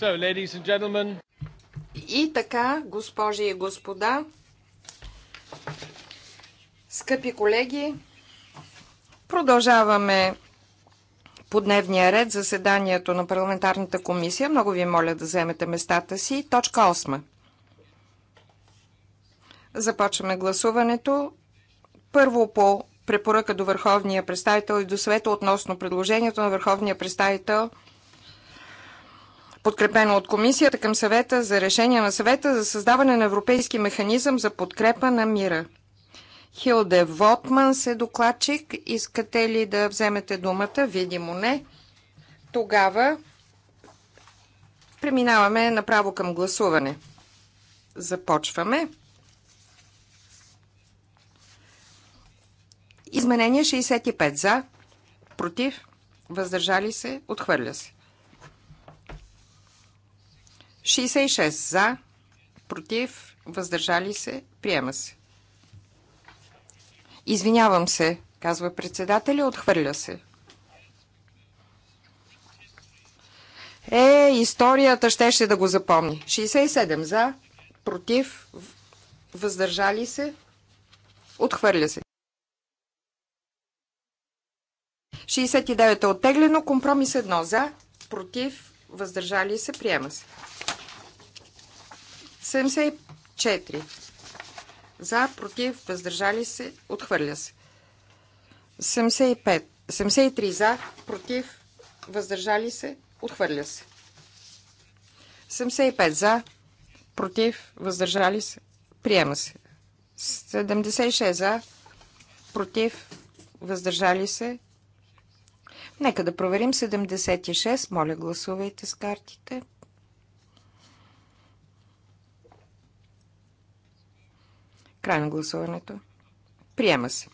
So, ladies and gentlemen. И така, госпожи и господа, скъпи колеги, продължаваме по дневния ред заседанието на парламентарната комисия. Много ви моля да вземете местата си. Точка 8. Започваме гласуването. Първо по препоръка до Върховния представител и до света относно предложението на Върховния представител – подкрепено от комисията към съвета за решение на съвета за създаване на европейски механизъм за подкрепа на мира. Хилде Вотман се докладчик. Искате ли да вземете думата? Видимо не. Тогава преминаваме направо към гласуване. Започваме. Изменение 65 за, против, въздържали се, отхвърля се. 66 за, против, въздържали се, приема се. Извинявам се, казва председателя, отхвърля се. Е, историята щеше да го запомни. 67 за, против, въздържали се, отхвърля се. 69 е оттеглено, компромис 1 за, против, въздържали се, приема се. 74. За, против, въздържали се, отхвърля се. 75. 73 за, против, въздържали се, отхвърля се. 75 за, против, въздържали се, приема се. 76 за, против, въздържали се. Нека да проверим 76. Моля, гласувайте с картите. Край на гласуването. Приема се.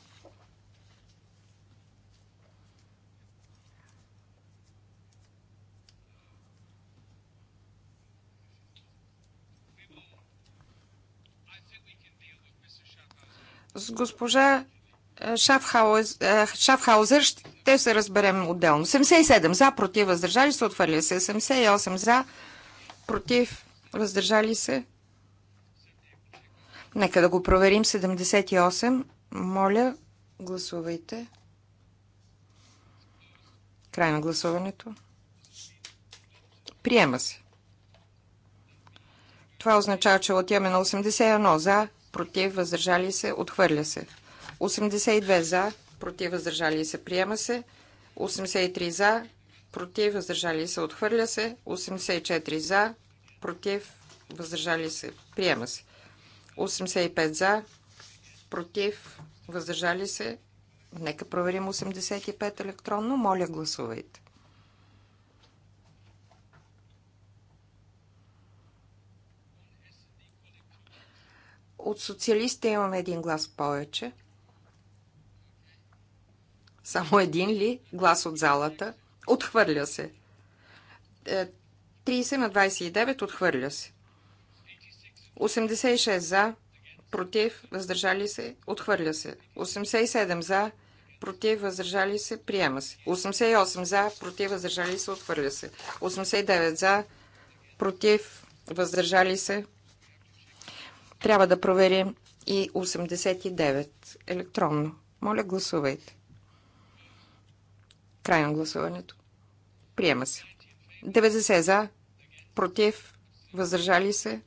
С госпожа е, е, Шафхаузер ще се разберем отделно. 77 за, против, въздържали се, отвърля се. 78 за, против, въздържали се, Нека да го проверим. 78. Моля, гласувайте. Край на гласуването. Приема се. Това означава, че отиваме на 81 за, против, въздържали се, отхвърля се. 82 за, против, въздържали се, приема се. 83 за, против, въздържали се, отхвърля се. 84 за, против, въздържали се, приема се. 85 за, против, въздържали се. Нека проверим 85 електронно. Моля, гласувайте. От социалиста имаме един глас повече. Само един ли глас от залата? Отхвърля се. 30 е, на 29 отхвърля се. 86 за, против, въздържали се, отхвърля се. 87 за, против, въздържали се, приема се. 88 за, против, въздържали се, отхвърля се. 89 за, против, въздържали се. Трябва да проверим и 89 електронно. Моля, гласувайте. Край на гласуването. Приема се. 90 за, против, въздържали се,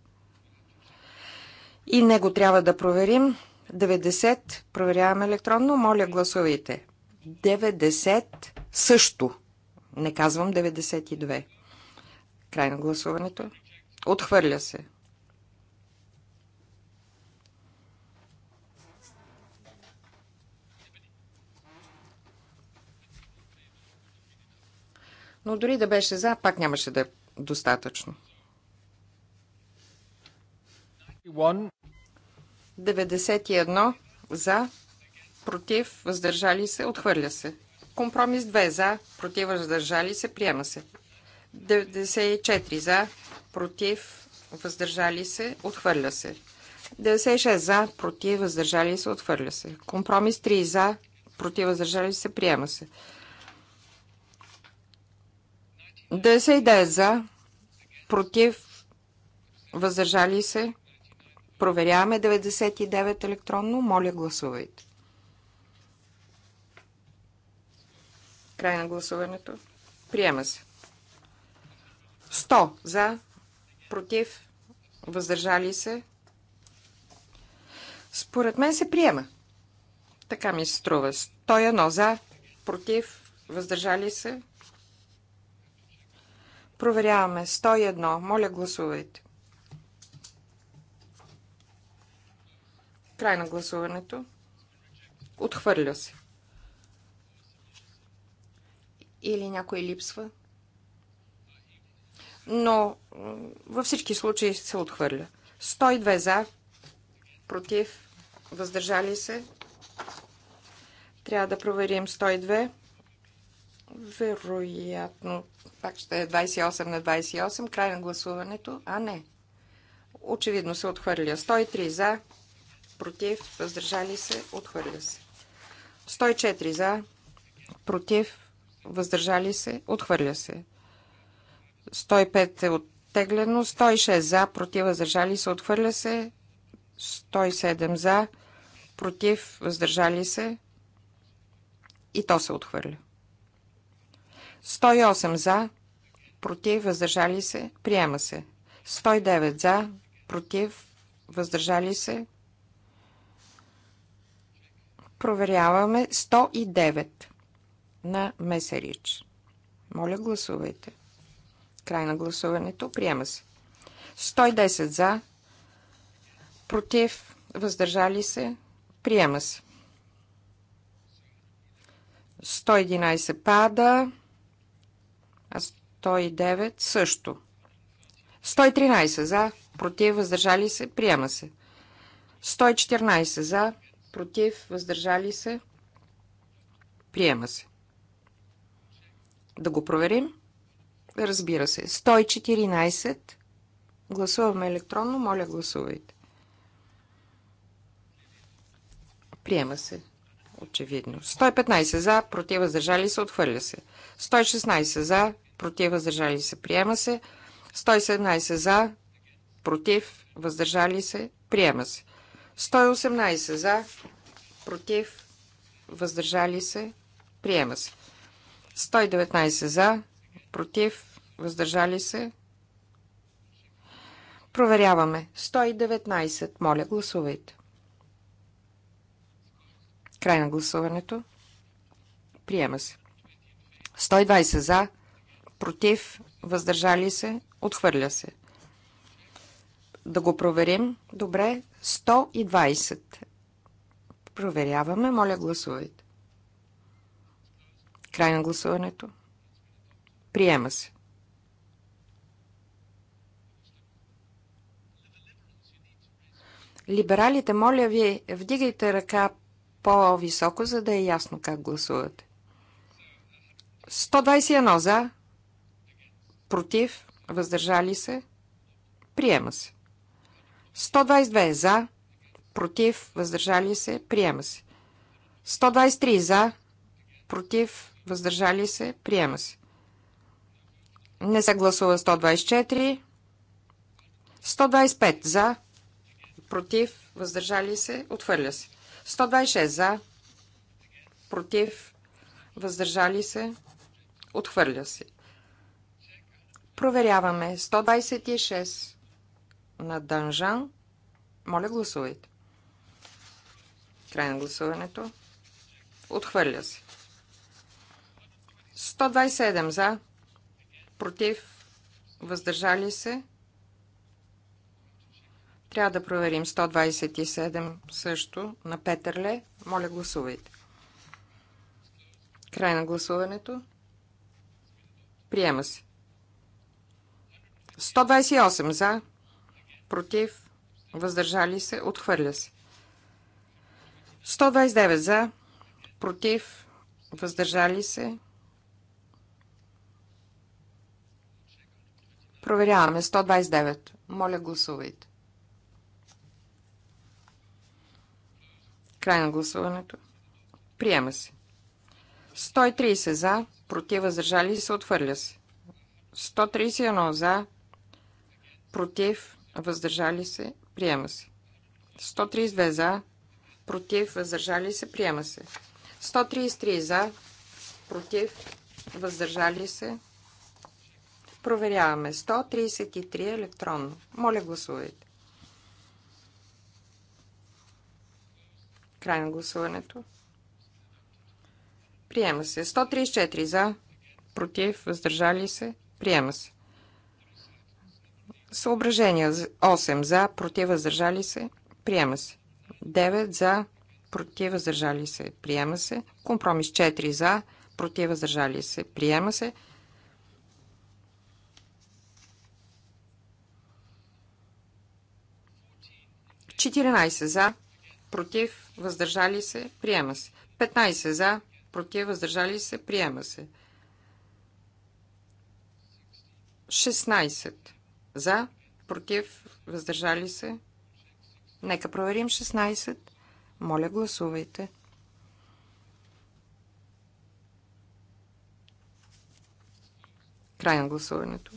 и него трябва да проверим. 90. Проверяваме електронно. Моля, гласувайте. 90 също. Не казвам 92. Край на гласуването. Отхвърля се. Но дори да беше за, пак нямаше да е достатъчно. 91 за, против, въздържали се, отхвърля се. Компромис 2 за, против, въздържали се, приема се. 94 за, против, въздържали се, отхвърля се. 96 за, против, въздържали се, отхвърля се. Компромис 3 за, против, въздържали се, приема се. 99 за, против, въздържали се, Проверяваме 99 електронно. Моля, гласувайте. Край на гласуването. Приема се. 100 за, против, въздържали се. Според мен се приема. Така ми се струва. 101 за, против, въздържали се. Проверяваме. 101. Моля, гласувайте. Край на гласуването. Отхвърля се. Или някой липсва. Но във всички случаи се отхвърля. 102 за, против, въздържали се. Трябва да проверим 102. Вероятно, пак ще е 28 на 28, край на гласуването. А не. Очевидно се отхвърля. 103 за, против, въздържали се, отхвърля се. 104 за, против, въздържали се, отхвърля се. 105 е оттеглено, 106 за, против, въздържали се, отхвърля се. 107 за, против, въздържали се и то се отхвърля. 108 за, против, въздържали се, приема се. 109 за, против, въздържали се, Проверяваме 109 на Месерич. Моля, гласувайте. Край на гласуването. Приема се. 110 за. Против. Въздържали се. Приема се. 111 пада. А 109 също. 113 за. Против. Въздържали се. Приема се. 114 за против, въздържали се, приема се. Да го проверим? Разбира се. 114. Гласуваме електронно. Моля, гласувайте. Приема се. Очевидно. 115 за, против, въздържали се, отхвърля се. 116 за, против, въздържали се, приема се. 117 за, против, въздържали се, приема се. 118 за, против, въздържали се, приема се. 119 за, против, въздържали се. Проверяваме. 119. Моля, гласувайте. Край на гласуването. Приема се. 120 за, против, въздържали се, отхвърля се. Да го проверим. Добре, 120. Проверяваме. Моля, гласувайте. Край на гласуването. Приема се. Либералите, моля ви, вдигайте ръка по-високо, за да е ясно как гласувате. 121 за, против, въздържали се, приема се. 122 за, против, въздържали се, приема се. 123 за, против, въздържали се, приема се. Не се гласува 124. 125 за, против, въздържали се, отхвърля се. 126 за, против, въздържали се, отхвърля се. Проверяваме. 126 на Данжан. Моля, гласувайте. Край на гласуването. Отхвърля се. 127 за, против, въздържали се. Трябва да проверим 127 също на Петърле. Моля, гласувайте. Край на гласуването. Приема се. 128 за, против, въздържали се, отхвърля се. 129 за, против, въздържали се. Проверяваме 129. Моля, гласувайте. Край на гласуването. Приема се. 130 за, против, въздържали се, отхвърля се. 131 за, против, въздържали се, приема се. 132 за, против, въздържали се, приема се. 133 за, против, въздържали се. Проверяваме. 133 електронно. Моля, гласувайте. Край на гласуването. Приема се. 134 за, против, въздържали се, приема се. Съображения 8 за, против, въздържали се, приема се. 9 за, против, въздържали се, приема се. Компромис 4 за, против, въздържали се, приема се. Четиринайсе за, против, въздържали се, приема се. 15 за, против, въздържали се, приема се. 16 за, против, въздържали се. Нека проверим 16. Моля, гласувайте. Край на гласуването.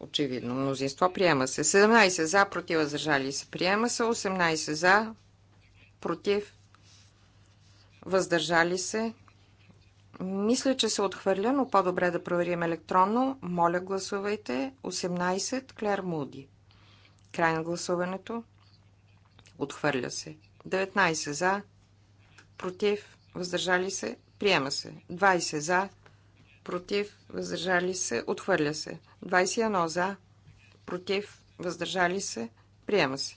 Очевидно, мнозинство приема се. 17 за, против, въздържали се. Приема се. 18 за, против, въздържали се. Мисля, че се отхвърля, но по-добре да проверим електронно. Моля, гласувайте. 18. Клер Муди. Край на гласуването. Отхвърля се. 19 за. Против. Въздържали се. Приема се. 20 за. Против. Въздържали се. Отхвърля се. 21 за. Против. Въздържали се. Приема се.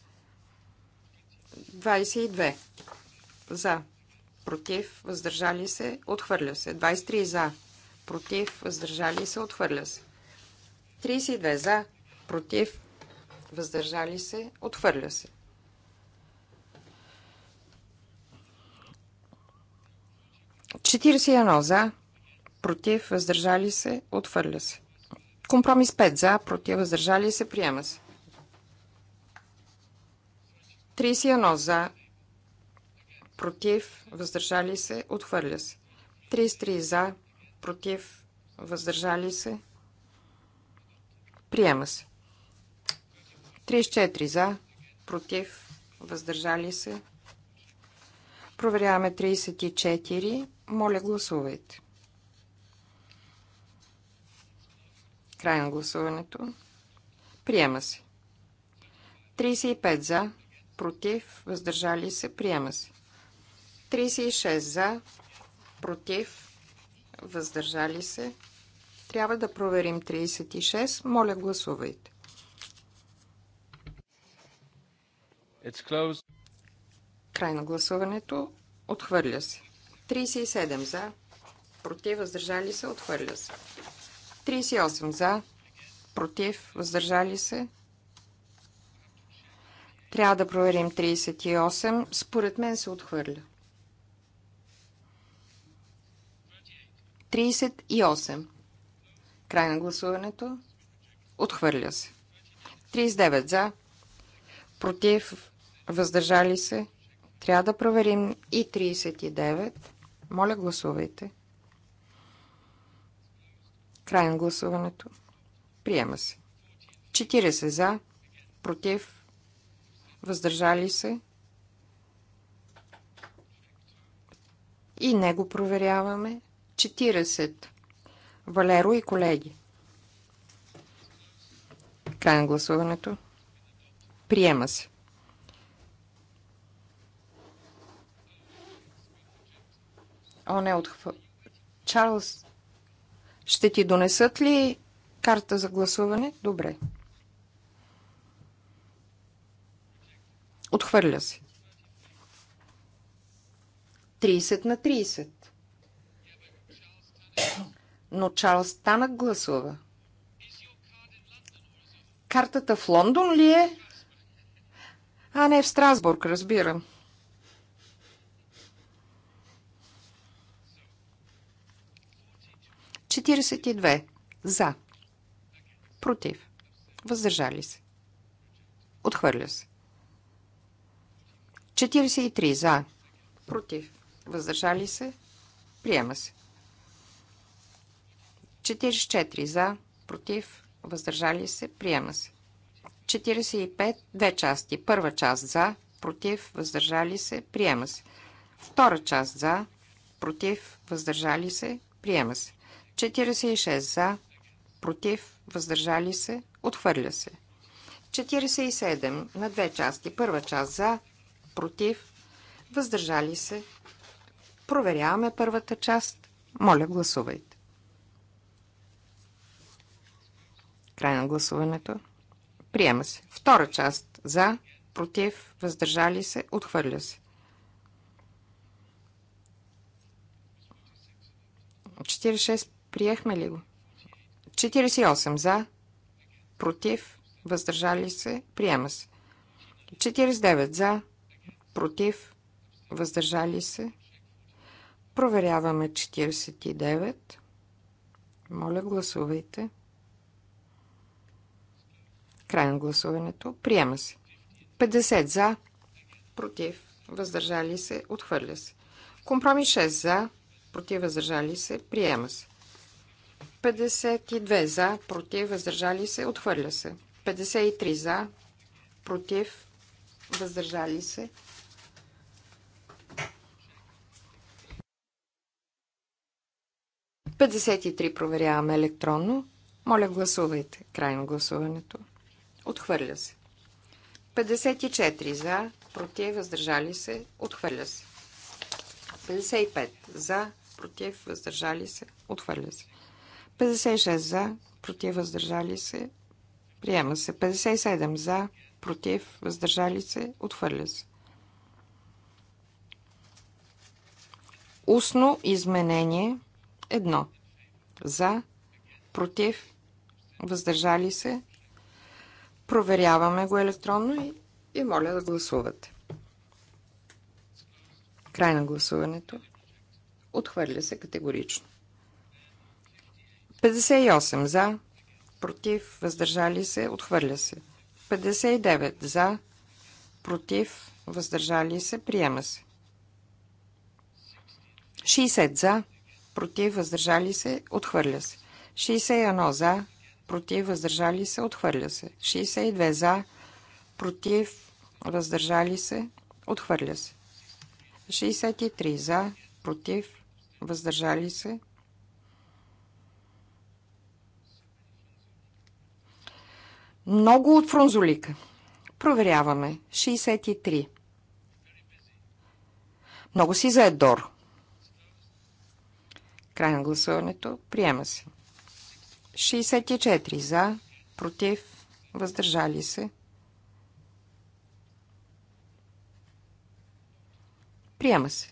22 за против, въздържали се, отхвърля се. 23 за, против, въздържали се, отхвърля се. 32 за, против, въздържали се, отхвърля се. Четиридесет едно за, против, въздържали се, отхвърля се. Компромис 5 за, против, въздържали се, приема се. 31 за, против, въздържали се, отхвърля се. 33 за, против, въздържали се, приема се. 34 за, против, въздържали се. Проверяваме 34. Моля, гласувайте. Край на гласуването. Приема се. 35 за, против, въздържали се, приема се. 36 за, против, въздържали се. Трябва да проверим 36. Моля, гласувайте. Край на гласуването. Отхвърля се. 37 за, против, въздържали се, отхвърля се. 38 за, против, въздържали се. Трябва да проверим 38. Според мен се отхвърля. 38. Край на гласуването. Отхвърля се. 39 за. Против. Въздържали се. Трябва да проверим и 39. Моля, гласувайте. Край на гласуването. Приема се. 40 за. Против. Въздържали се. И него проверяваме. 40. Валеро и колеги. Край на гласуването. Приема се. О, не, отхва... Чарлз, ще ти донесат ли карта за гласуване? Добре. Отхвърля се. 30 на 30. Но Чарлз Танък гласува. Картата в Лондон ли е? А не в Страсбург, разбирам. Четиридесет и две. За. Против. Въздържали се. Отхвърля се. 43 за. Против. Въздържали се. Приема се. 44 за, против, въздържали се, приема се. 45, две части. Първа част за, против, въздържали се, приема се. Втора част за, против, въздържали се, приема се. 46 за, против, въздържали се, отхвърля се. 47 на две части. Първа част за, против, въздържали се. Проверяваме първата част. Моля, гласувайте. Край на гласуването. Приема се. Втора част. За, против, въздържали се, отхвърля се. 46 приехме ли го? 48 за, против, въздържали се, приема се. 49 за, против, въздържали се. Проверяваме 49. Моля, гласувайте. Край на гласуването. Приема се. 50 за, против, въздържали се, отхвърля се. Компромис 6 за, против, въздържали се, приема се. 52 за, против, въздържали се, отхвърля се. 53 за, против, въздържали се. Петдесет проверяваме електронно. Моля, гласувайте. край на гласуването. Отхвърля се. 54 за, против, въздържали се, отхвърля се. 55 за, против, въздържали се, отхвърля се. 56 за, против, въздържали се, приема се. 57 за, против, въздържали се, отхвърля се. Устно изменение 1. За, против, въздържали се, Проверяваме го електронно и, и моля да гласувате. Край на гласуването. Отхвърля се категорично. 58 за, против, въздържали се, отхвърля се. 59 за, против, въздържали се, приема се. 60 за, против, въздържали се, отхвърля се. 61 за, против, въздържали се, отхвърля се. 62 за, против, въздържали се, отхвърля се. 63 за, против, въздържали се. Много от фрунзолика. Проверяваме. 63. Много си за Едор. Край на гласуването. Приема се. 64 за, против, въздържали се. Приема се.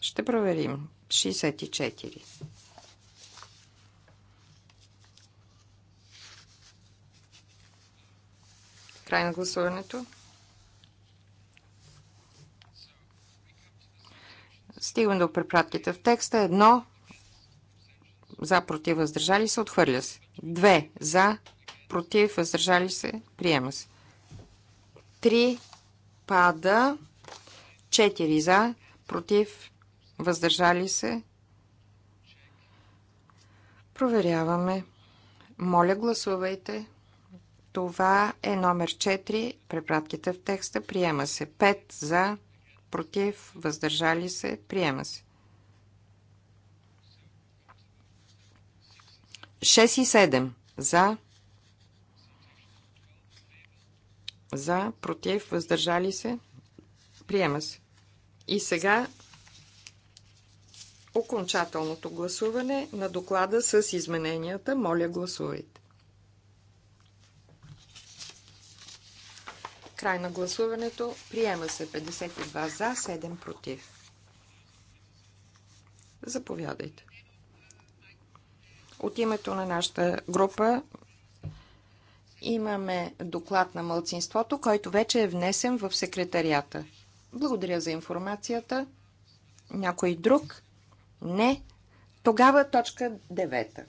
Ще проверим. 64. Край на гласуването. Стигам до препратките в текста. Едно за, против, въздържали се, отхвърля се. Две за, против, въздържали се, приема се. Три пада. Четири за, против, въздържали се. Проверяваме. Моля, гласувайте. Това е номер 4. Препратките в текста. Приема се 5 за, против, въздържали се, приема се. 6 и 7 за, за, против, въздържали се, приема се. И сега окончателното гласуване на доклада с измененията. Моля, гласувайте. Край на гласуването. Приема се 52 за, 7 против. Заповядайте. От името на нашата група имаме доклад на мълцинството, който вече е внесен в секретарията. Благодаря за информацията. Някой друг? Не. Тогава точка 9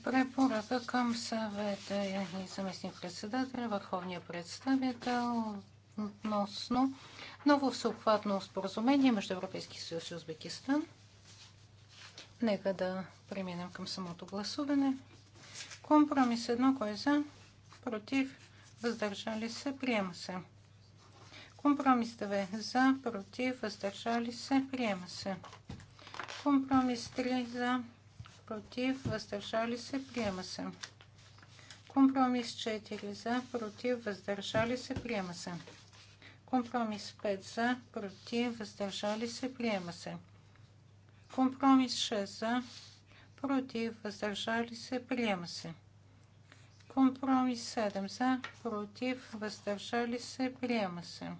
препоръка към съвета и е заместник председателя, върховния представител относно ново всеобхватно споразумение между Европейски съюз и Узбекистан. Нека да преминем към самото гласуване. Компромис едно, кой е за, против, въздържали се, приема се. Компромис 2 за, против, въздържали се, приема се. Компромис 3 за, против, въздържали се, приема се. Компромис 4 за, против, въздържали се, приема се. Компромис 5 за, против, въздържали се, приема се. Компромис 6 за, против, въздържали се, приема се. Компромис 7 за, против, въздържали се, приема се.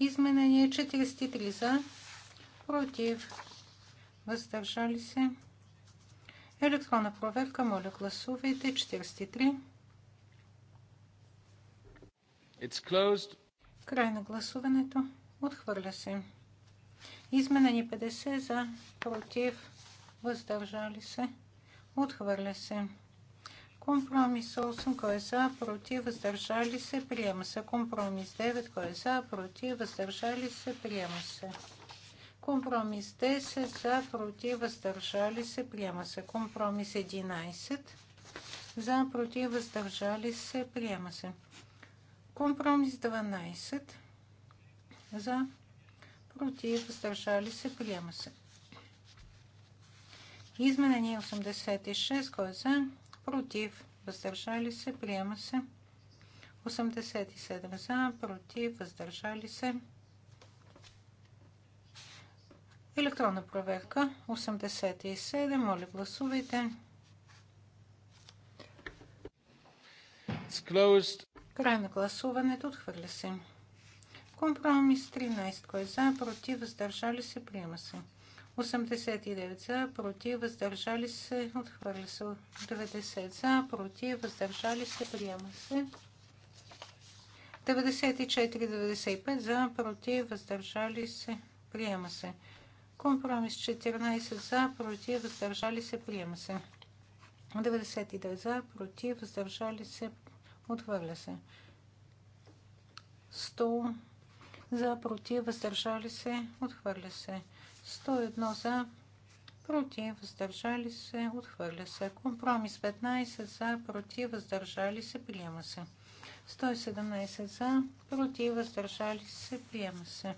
Изменение 43 за, против, въздържали се. Електронна проверка, моля гласувайте. 43. It's closed. Край на гласуването. Отхвърля се. Изменени 50 за, против, въздържали се. Отхвърля се. Компромис 8, кой е за, против, въздържали се, приема се. Компромис 9, кой е за, против, въздържали се, приема се. Компромис 10 за, против, въздържали се, приема се. Компромис 11 за, против, въздържали се, приема се. Компромис 12 за, против, въздържали се, приема се. Изменение 86, кой е за, против, въздържали се, приема се. 87 за, против, въздържали се, се. Електронна проверка 87. Моля, гласувайте. Край на гласуването. Отхвърля се. Компромис 13. Кой е за? Против? Въздържали се? Приема се. 89 за, против, въздържали се, отхвърля се. 90 за, против, въздържали се, приема се. 94-95 за, против, въздържали се, приема се. Компромис 14 за, против, въздържали се, приема се. 92 за, против, въздържали се, отвърля се. 100 за, против, въздържали се, отхвърля се. 101 за, против, въздържали се, отхвърля се. Компромис 15 за, против, въздържали се, приема се. 117 за, против, въздържали се, приема се.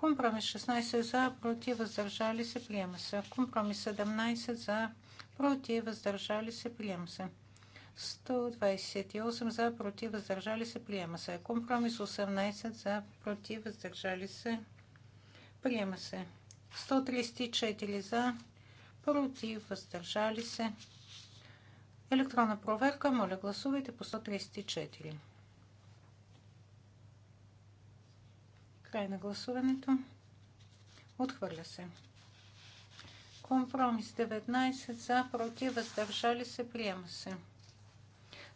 Компромис 16 за, против, въздържали се, приема се. Компромис 17 за, против, въздържали се, приема се. 128 за, против, въздържали се, приема се. Компромис 18 за, против, въздържали се, приема се. 134 за, против, въздържали се. Електронна проверка, моля гласувайте по 134. Край на гласуването. Отхвърля се. Компромис 19 за, против, въздържали се, приема се.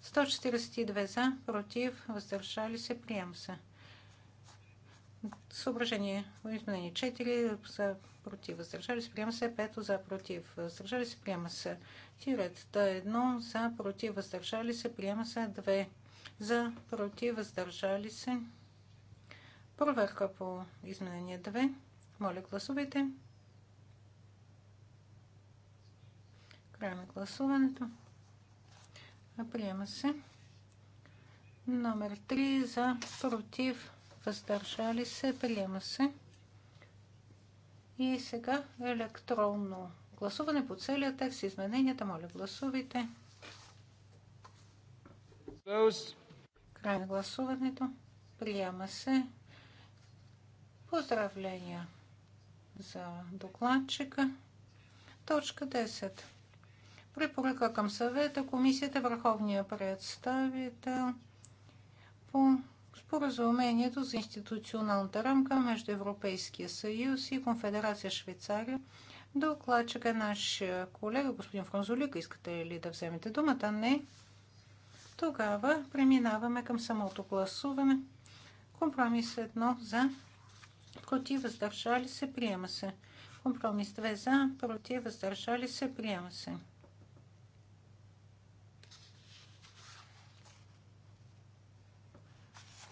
142 за, против, въздържали се, приема се. Съображение изменение 4 за против, въздържали се, приема се 5 за против, въздържали се, приема се. Тиретата 1 за против, въздържали се, приема се 2 за против, въздържали се, Проверка по изменение 2. Моля, гласувайте. Край на гласуването. Приема се. Номер 3 за против. Въздържали се. Приема се. И сега електронно гласуване по целия текст. Измененията. Моля, гласувайте. Край на гласуването. Приема се. Поздравления за докладчика. Точка 10. Препоръка към съвета, комисията, върховния представител по споразумението за институционалната рамка между Европейския съюз и Конфедерация Швейцария. Докладчик е наш колега, господин Франзолика. Искате ли да вземете думата? Не. Тогава преминаваме към самото гласуване. Компромис едно за против, въздържали се, приема се. Компромис 2 за, против, въздържали се, приема се.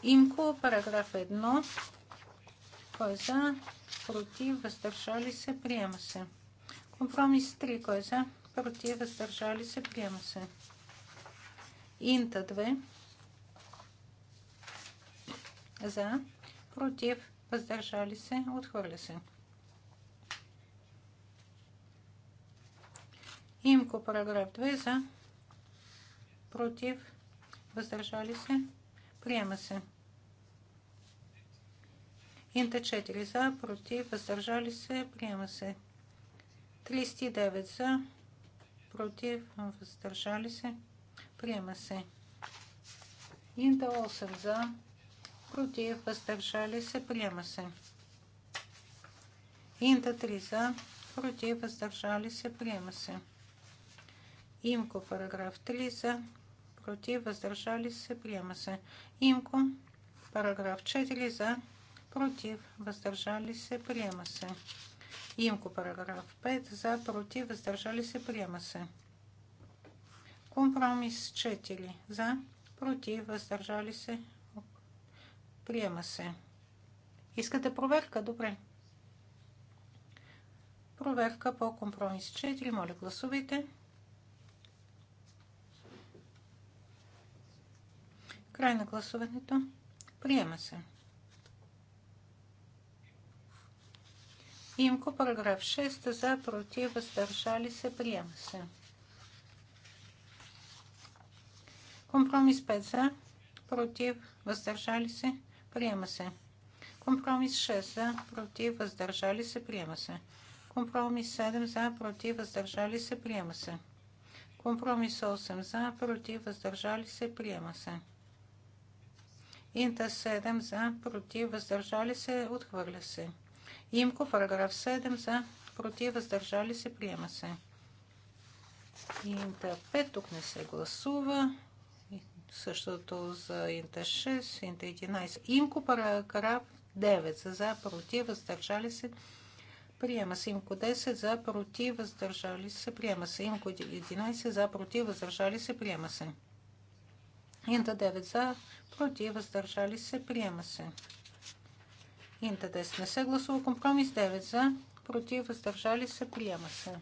Имко, параграф 1. Кой е за? Против, въздържали се, приема се. Компромис 3. Кой е за? Против, въздържали се, приема се. Инта 2. За. Против, въздържали се, отхвърля се. Имко параграф 2 за, против, въздържали се, приема се. Инта 4 за, против, въздържали се, приема се. 39 за, против, въздържали се, приема се. Инта 8 за, против, въздържали се, приема се. Инта 3 за, против, въздържали се, приема се. Имко параграф 3 за, против, въздържали се, приема се. Имко параграф 4 за, против, въздържали се, приема се. Имко параграф 5 за, против, въздържали се, приема се. Компромис 4 за, против, въздържали се, Приема се. Искате проверка? Добре. Проверка по компромис 4. Моля, гласувайте. Край на гласуването. Приема се. Имко, параграф 6. За, против, въздържали се. Приема се. Компромис 5 за, против, въздържали се. Приема се. Компромис 6 за, против, въздържали се, приема се. Компромис 7 за, против, въздържали се, приема се. Компромис 8 за, против, въздържали се, приема се. Инта 7 за, против, въздържали се, отхвърля се. Имко параграф 7 за, против, въздържали се, приема се. Инта 5 тук не се гласува. Същото за Инте 6, Инте 11. Имко параграф 9 за против, въздържали се. Приема се имко 10 за против, въздържали се. Приема се имко 11 за против, въздържали се. Приема се. Инта 9 за против, въздържали се. Приема се. Инта 10 не се гласува. Компромис 9 за против, въздържали се. Приема се.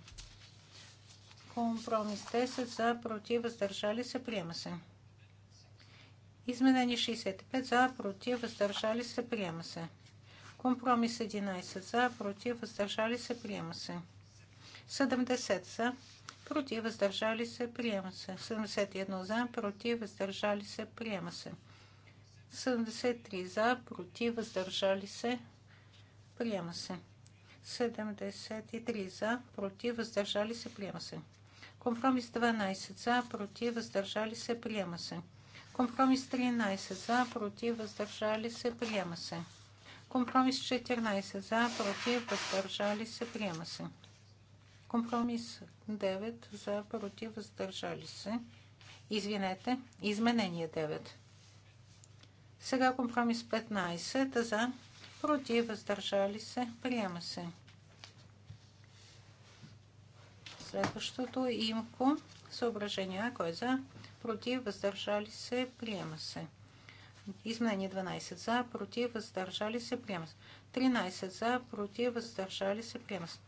Компромис 10 за против, въздържали се. Приема се. Изменение 65 за, против, въздържали се, приема се. Компромис 11 за, против, въздържали се, приема се. 70 за, против, въздържали се, приема се. 71 за, против, въздържали се, приема се. 73 за, против, въздържали се, приема се. 73 за, против, въздържали се, приема се. Компромис 12 за, против, въздържали се, приема се. Компромис 13 за, против, въздържали се, приема се. Компромис 14 за, против, въздържали се, приема се. Компромис 9 за, против, въздържали се. Извинете, изменение 9. Сега компромис 15 за, против, въздържали се, приема се. Следващото имко, съображение, кой е за, против, въздържали се, приема се. Изменение 12 за, против, въздържали се, приема се. 13 за, против, въздържали се, приема се.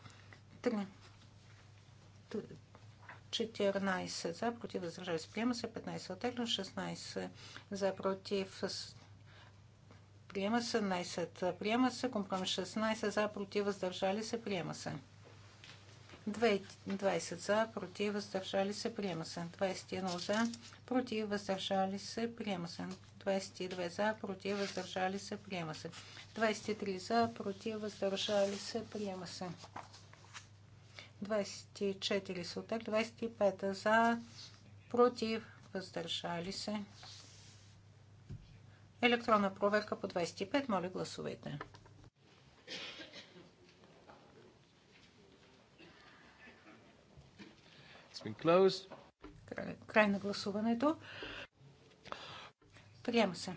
14 за, против, въздържали се, приема се. 15 оттеглено, 16 за, против, приема се. 17 приема се. Компромис 16 за, против, въздържали се, приема се. 20 за, против, въздържали се, приема се. 21 за, против, въздържали се, приема се. 22 за, против, въздържали се, приема се. 23 за, против, въздържали се, приема се. 24 са 25 за, против, въздържали се. Електронна проверка по 25, моля гласувайте. Край на гласуването. Приема се.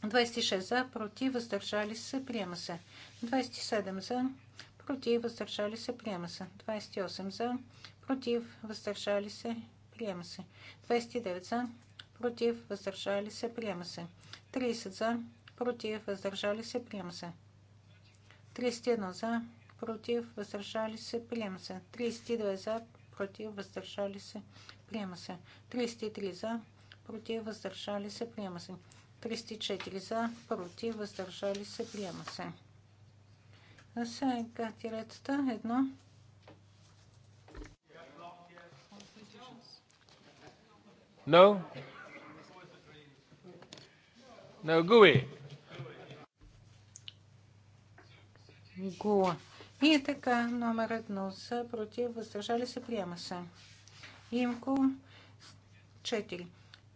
26 за, против, въздържали се, приема се. 27 за, против, въздържали се, приема се. 28 за, против, въздържали се, приема се. 29 за, против, въздържали се, приема се. 30 за, против, въздържали се, приема се. 31 за, против, въздържали се, приема се. 32 за, против, въздържали се, приема се. 33 за, против, въздържали се, приема се. 34 за, против, въздържали се, приема се. А сега тиретата едно. No? No, gooey. Gooey. И така, номер едно за, против, въздържали се, приема се. Имко 4.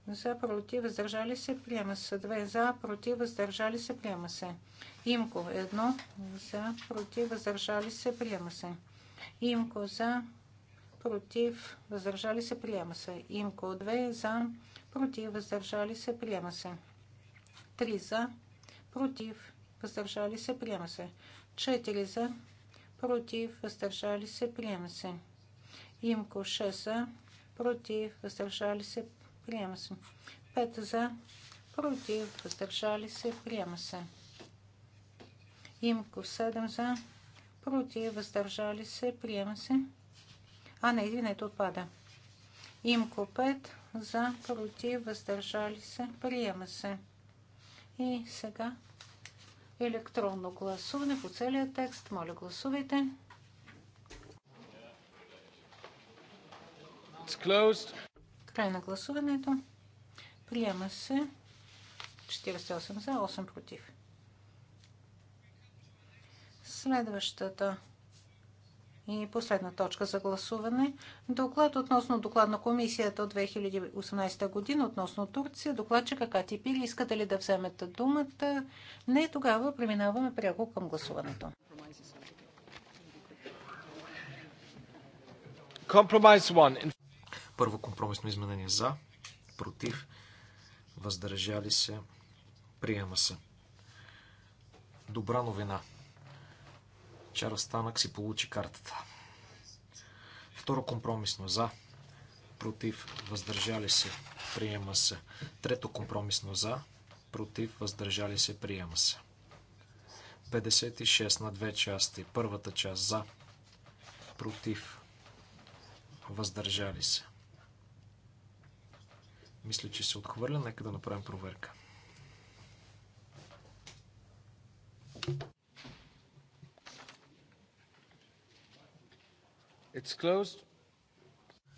За, против, въздържали се, приема се. 2. За, против, въздържали се, приема се. Имко едно. За, против, въздържали се, приема се. Имко за, против, въздържали се, приема се. Имко две За, против, въздържали се, приема се. Три За, против, въздържали се, приема се. Четири За, против, въздържали се, приема се. Имко 6 за, против, въздържали се, приема се. 5 за, против, въздържали се, приема се. Имко 7 за, против, въздържали се, приема се. А, не, извинете, отпада. Имко 5 за, против, въздържали се, приема се. И сега електронно гласуване по целия текст. Моля, гласувайте. Край на гласуването. Приема се 48 за, 8 против. Следващата и последна точка за гласуване. Доклад относно доклад на комисията от 2018 година относно Турция. Докладчика Кати Пили. Искате ли да вземете думата? Не, тогава преминаваме пряко към гласуването. Първо компромисно изменение за, против, въздържали се, приема се. Добра новина. Вчера Станък си получи картата. Второ компромисно за. Против. Въздържали се. Приема се. Трето компромисно за. Против. Въздържали се. Приема се. 56 на две части. Първата част за. Против. Въздържали се. Мисля, че се отхвърля. Нека да направим проверка. It's closed.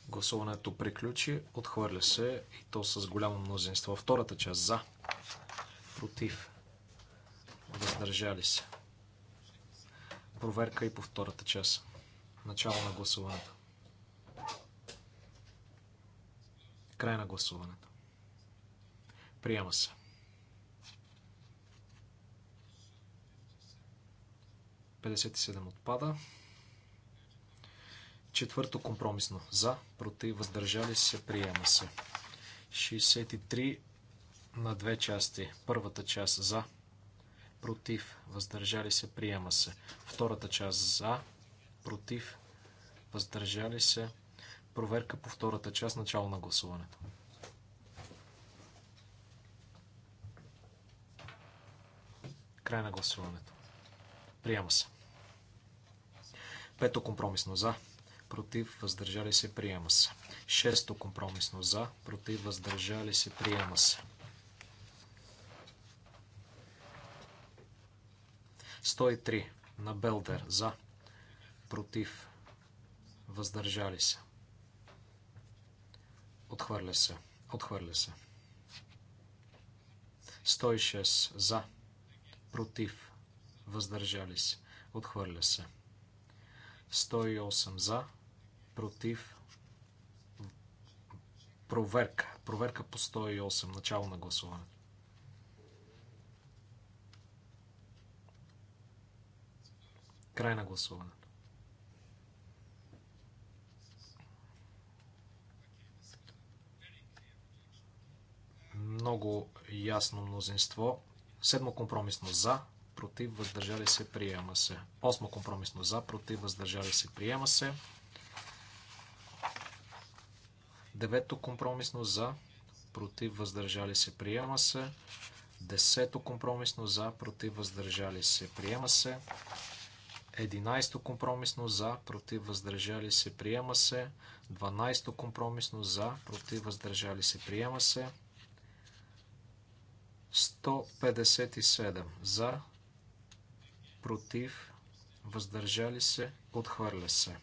Гласуването приключи, отхвърля се и то с голямо мнозинство. Втората част за, против, въздържали се. Проверка и по втората част. Начало на гласуването. Край на гласуването. Приема се. 57 отпада. Четвърто компромисно. За, против, въздържали се, приема се. 63 на две части. Първата част за, против, въздържали се, приема се. Втората част за, против, въздържали се. Проверка по втората част, начало на гласуването. Край на гласуването. Приема се. Пето компромисно за, против, въздържали се, приема се. Шесто компромисно за, против, въздържали се, приема се. 103 на Белдер за, против, въздържали се. Отхвърля се. Отхвърля се. 106 за, против, въздържали се. Отхвърля се. 108 за, против, проверка. Проверка по 108, начало на гласуване. Край на гласуване. Много ясно мнозинство. Седмо компромисно за, против, въздържали се, приема се. Осмо компромисно за, против, въздържали се, приема се. Девето компромисно за, против, въздържали се, приема се. Десето компромисно за, против, въздържали се, приема се. Единайсто компромисно за, против, въздържали се, приема се. Дванайсто компромисно за, против, въздържали се, приема се. 157 за, против, въздържали се, отхвърля се.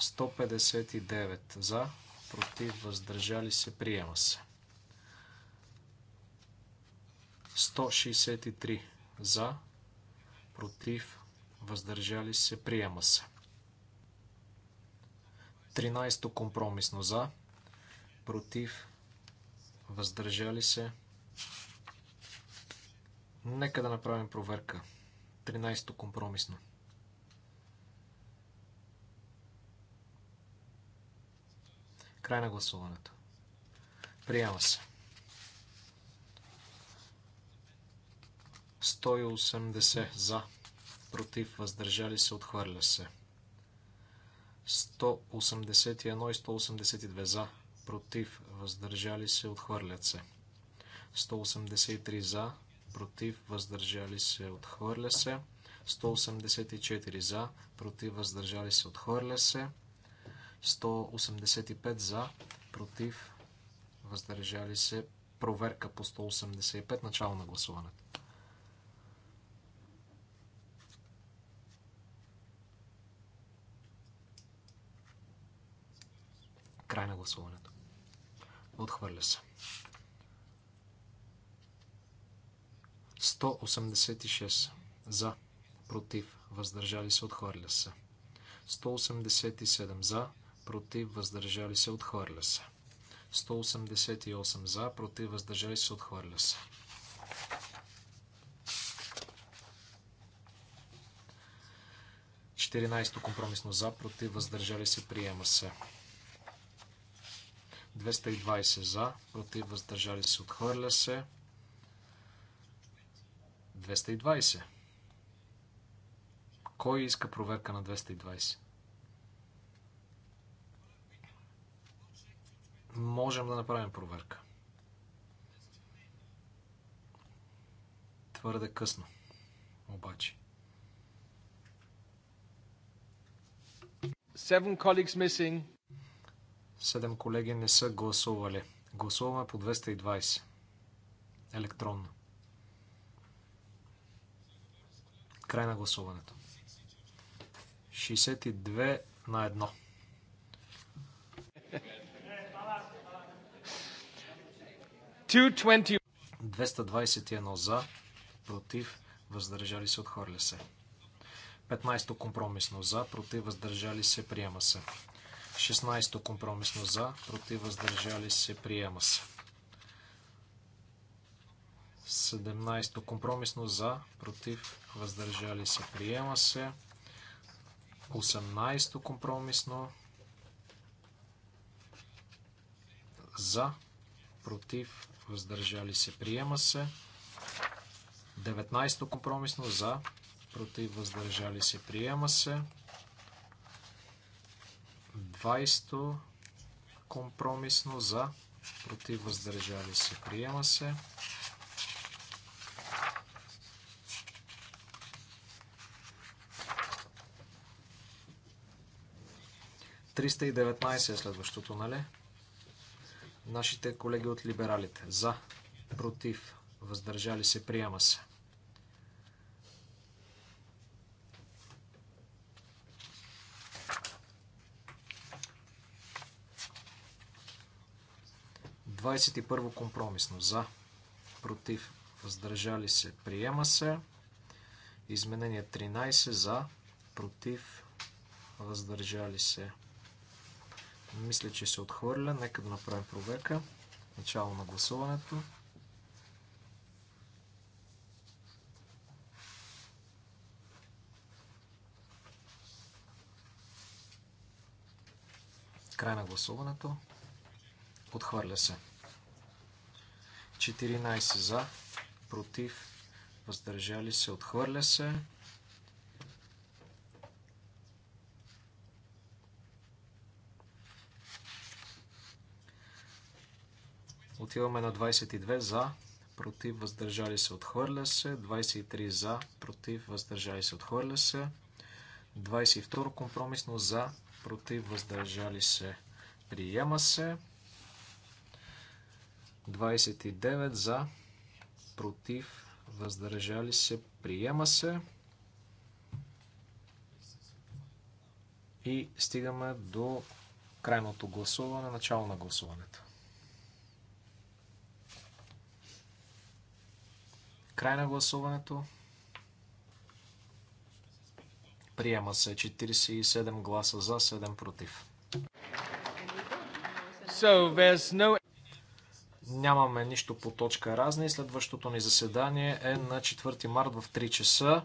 159 за, против, въздържали се, приема се. 163 за, против, въздържали се, приема се. 13 компромисно за, против, въздържали се. Нека да направим проверка. 13 компромисно. Край на гласуването. Приема се. 180 за, против, въздържали се, отхвърля се. 181 и 182 за, против, въздържали се, отхвърлят се. 183 за, против, въздържали се, отхвърля се. 184 за, против, въздържали се, отхвърля се. 185 за, против, въздържали се. Проверка по 185, начало на гласуването. Край на гласуването. Отхвърля се. 186 за, против, въздържали се, отхвърля се. 187 за, против, въздържали се, отхвърля се. 188 за, против, въздържали се, отхвърля се. 14 компромисно за, против, въздържали се, приема се. 220 за, против, въздържали се, отхвърля се. 220. Кой иска проверка на 220? Можем да направим проверка. Твърде късно. Обаче. Седем колеги не са гласували. Гласуваме по 220. Електронно. Край на гласуването. 62 на 1. 221 за, против, въздържали се, отхвърля се. 15 компромисно за, против, въздържали се, приема се. 16 компромисно за, против, въздържали се, приема се. 17 компромисно за, против, въздържали се, приема се. 18 компромисно за, против, въздържали се, приема се. 19 компромисно за, против, въздържали се, приема се. 20 компромисно за, против, въздържали се, приема се. 319 е следващото, нали? Нашите колеги от либералите. За, против, въздържали се, приема се. Двадесет и първо компромисно. За, против, въздържали се, приема се. Изменение 13 за, против, въздържали се, приема се. Мисля, че се отхвърля. Нека да направим проверка. Начало на гласуването. Край на гласуването. Отхвърля се. 14 за, против, въздържали се, отхвърля се. Отиваме на 22 за, против, въздържали се, отхвърля се. 23 за, против, въздържали се, отхвърля се. 22 компромисно за, против, въздържали се, приема се. 29 за, против, въздържали се, приема се. И стигаме до крайното гласуване, начало на гласуването. Край на гласуването. Приема се 47 гласа за, 7 против. So no... Нямаме нищо по точка разни. Следващото ни заседание е на 4 март в 3 часа.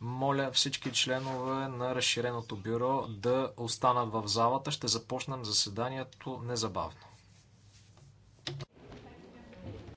Моля всички членове на разширеното бюро да останат в залата. Ще започнем заседанието незабавно.